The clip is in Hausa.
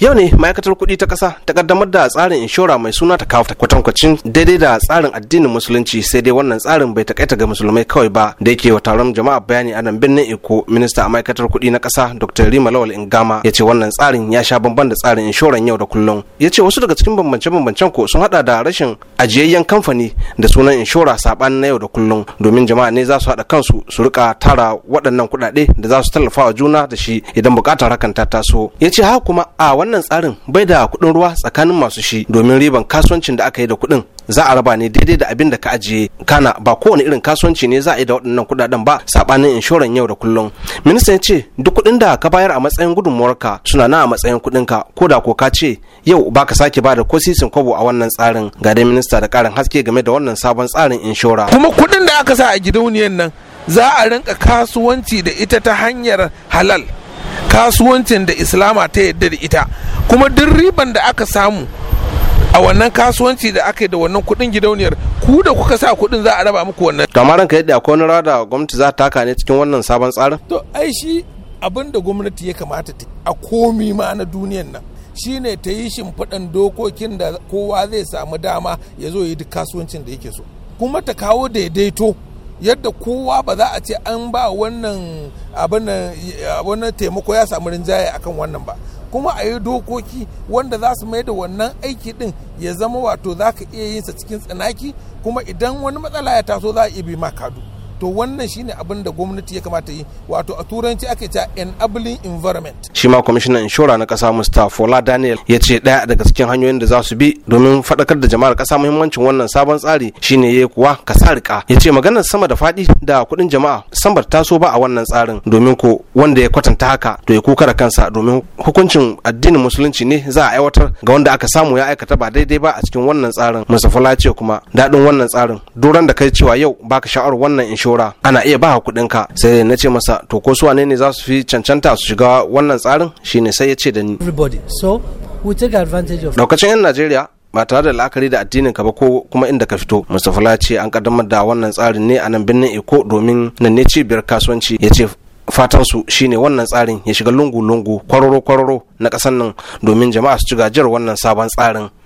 yau ne ma'aikatar kuɗi ta ƙasa ta kaddamar da tsarin inshora mai suna ta kawo kwatankwacin daidai da tsarin addinin musulunci sai dai wannan tsarin bai takaita ga musulmai kawai ba da yake wa taron jama'a bayani a nan birnin eko minista a ma'aikatar kuɗi na ƙasa dr rima lawal ingama ya ce wannan tsarin ya sha bamban da tsarin inshoran yau da kullum ya ce wasu daga cikin bambance bambancen ko sun hada da rashin ajiyayyen kamfani da sunan inshora saɓan na yau da kullum domin jama'a ne za su haɗa kansu su rika tara waɗannan kuɗaɗe da za su tallafa wa juna da shi idan buƙatar hakan ta taso ya ce haka kuma a wannan tsarin bai da kuɗin ruwa tsakanin masu shi domin riban kasuwancin da aka yi da kuɗin za a raba ne daidai da abin da ka ajiye kana ba kowane irin kasuwanci ne za a yi da waɗannan kuɗaɗen ba saɓanin inshoran yau da kullum minista ya ce duk kuɗin da ka bayar a matsayin gudunmuwarka suna na a matsayin kuɗinka ko da ko ka ce yau ba ka sake ba da ko sisin kwabo a wannan tsarin ga dai minista da ƙarin haske game da wannan sabon tsarin inshora kuma kuɗin da aka sa a gidauniyar nan za a rinka kasuwanci da ita ta hanyar halal kasuwancin da islama ta yadda da ita kuma duk riban da aka samu a wannan kasuwanci da aka yi da wannan kuɗin gidauniyar ku da kuka sa kuɗin za a raba muku wannan kamar ka yadda akwai wani rada gwamnati za ta taka ne cikin wannan sabon tsarin to ai shi abin da gwamnati ya kamata ta a komi ma na duniyan nan shine ta yi shimfiɗan dokokin da kowa zai samu dama ya zo yi duk kasuwancin da yake so kuma ta kawo daidaito yadda kowa ba za a ce an ba wannan abin taimako ya samu rinjaye kan wannan ba kuma a yi dokoki wanda za su mai da wannan aiki din ya zama wato za ka iya yinsa cikin tsanaki kuma idan wani matsala ya taso za a iya bi ma kadu to wannan shine abin da gwamnati ya kamata yi wato a turanci ake ta enabling environment shi ma kwamishinan inshora na kasa mustapha fola daniel ya ce daya daga cikin hanyoyin da za su bi domin faɗakar da jama'ar kasa muhimmancin wannan sabon tsari shine ya kuwa ka sa rika ya ce maganar sama da faɗi da kuɗin jama'a sambar taso ba a wannan tsarin domin ko wanda ya kwatanta haka to ya kokara kansa domin hukuncin addinin musulunci ne za a aiwatar ga wanda aka samu ya aikata ba daidai ba a cikin wannan tsarin mustapha ce kuma daɗin wannan tsarin doron da kai cewa yau baka sha'awar wannan inshora inshora ana iya ba kuɗin ka sai na ce masa to ko su wane ne za su fi cancanta su shiga wannan tsarin shine sai ya ce da ni yan Najeriya ba tare da la'akari da addinin ka ba ko kuma inda ka fito mustapha la ce an kaddamar da wannan tsarin ne a nan birnin eko domin nan ne cibiyar kasuwanci ya ce fatan su shine wannan tsarin ya shiga lungu-lungu kwararo-kwararo na ƙasar nan domin jama'a su ci gajiyar wannan sabon tsarin